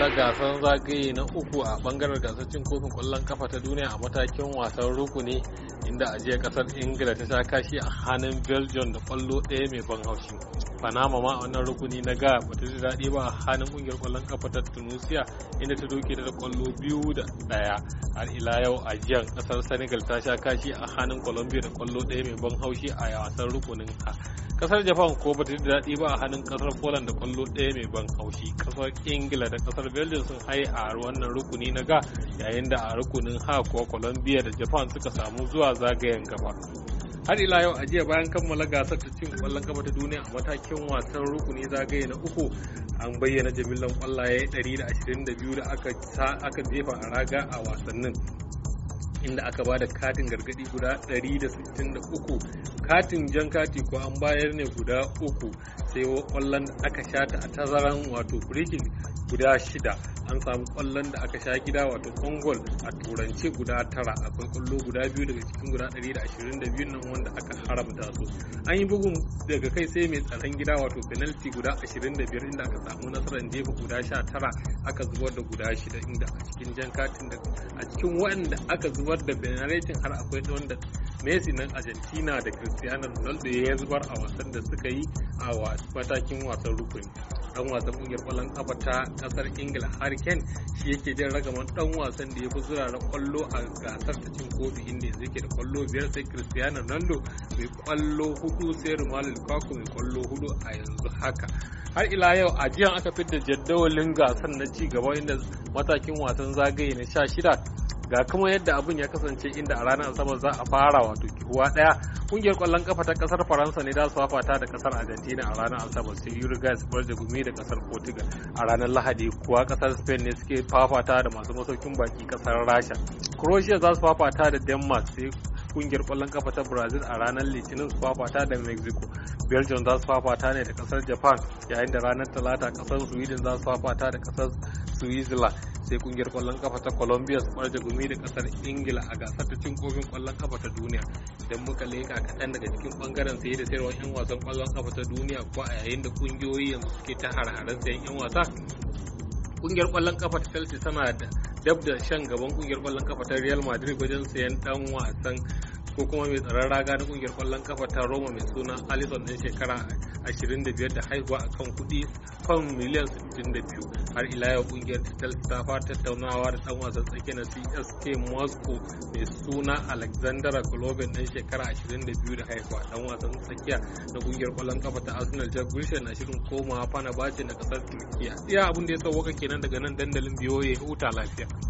kammala gasar zagaye na uku a bangaren gasar cin kofin kwallon kafa ta duniya a matakin wasan rukuni inda a kasar ingila ta sha kashi a hannun belgium da kwallo ɗaya mai ban haushi panama ma a wannan rukuni na ga ba ji daɗi ba a hannun ƙungiyar ƙwallon ƙafa ta tunisia inda ta doke ta da ƙwallo biyu da ɗaya har ila yau a jiyan ƙasar senegal ta sha kashi a hannun colombia da ƙwallo ɗaya mai ban haushi a wasan rukunin ha kasar japan ko bata ji daɗi ba a hannun ƙasar poland da ƙwallo ɗaya mai ban haushi kasar ingila da ƙasar belgium sun haye a wannan rukuni na ga yayin da a rukunin ha ko colombia da japan suka samu zuwa zagayen gaba har ila yau a jiya bayan kammala gasar ta cin kwallon kafa ta duniya a matakin wasan rukuni zagaye na uku an bayyana jimillan kwallaye 122 da aka jefa a raga a wasannin inda aka ba da katin gargadi guda 163 katin jan kati ko an bayar ne guda uku sai kwallon aka shata a tazaran wato free guda shida an samu kwallon da aka sha gida wato kongol a turance guda tara akwai kwallo guda biyu daga cikin guda 122 nan wanda aka haramta su an yi bugun daga kai sai mai tsaron gida wato penalty guda 25 inda aka samu nasarar jefa guda 19 aka zubar da guda 6 inda a cikin jan katin da a cikin waɗanda aka zubar da penalty har akwai wanda Messi nan Argentina da Cristiano Ronaldo ya zubar a wasan da suka yi a matakin wasan rukuni dan wasan kungiyar kwallon kafa ta kasar ingila harry kane shi yake jin ragaman dan wasan da ya fi zurara kwallo a gasar ta cin kofi inda yanzu yake da kwallo biyar sai cristiano ronaldo mai kwallo hudu sai romelu lukaku mai kwallo hudu a yanzu haka har ila yau a jiyan aka fitar jadawalin gasar na ci gaba inda matakin wasan zagaye na sha shida ga kuma yadda abin ya kasance inda a ranar asabar za a fara wato kiwa daya kungiyar kwallon kafa ta kasar faransa ne za su fafata da kasar argentina a ranar asabar sai uruguay bar da gumi da kasar portugal a ranar lahadi kuwa kasar spain ne suke fafata da masu masaukin baki kasar rasha croatia za su fafata da denmark sai kungiyar kwallon kafa ta brazil a ranar litinin su fafata da mexico belgium za su fafata ne da kasar japan yayin da ranar talata kasar sweden za su fafata da kasar switzerland sai kungiyar kwallon kafa ta Colombia su da gumi da kasar Ingila a gasar ta cin kofin kwallon kafa ta duniya. Idan muka leka kaɗan daga cikin bangaren saye da sayarwar 'yan wasan kwallon kafa ta duniya ko a yayin da kungiyoyi yanzu suke ta hare-haren sayan 'yan wasa. Kungiyar kwallon kafa ta Chelsea tana da dab da shan gaban kungiyar kwallon kafa ta Real Madrid wajen sayan dan wasan ko kuma mai tsaron raga na kungiyar kwallon kafa ta roma mai suna alison ɗin shekara 25 da haihuwa a kan kuɗi kan miliyan 62 har ila yau kungiyar ta fara tattaunawa da ɗan wasan tsakiya na csk moscow mai suna alexander golovin ɗin shekara 22 da haihuwa ɗan wasan tsakiya na kungiyar kwallon kafa ta arsenal jack wilshere na shirin komawa fana bace na ƙasar turkiya iya abin da ya sauwaka kenan daga nan dandalin biyoye huta lafiya